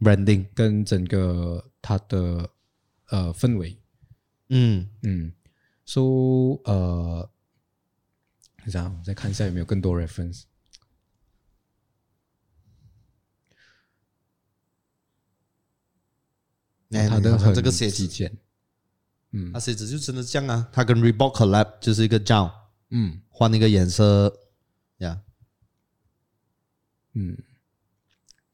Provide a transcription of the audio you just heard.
branding 跟整個它的，呃氛圍嗯嗯，so 呃，然後我們再看一下有沒有更多 reference。佢呢個呢個鞋子，嗯，它鞋子就真的咁啊，它跟 Reebok collab 就是一個 jump 嗯，換一個顏色，呀、yeah，嗯。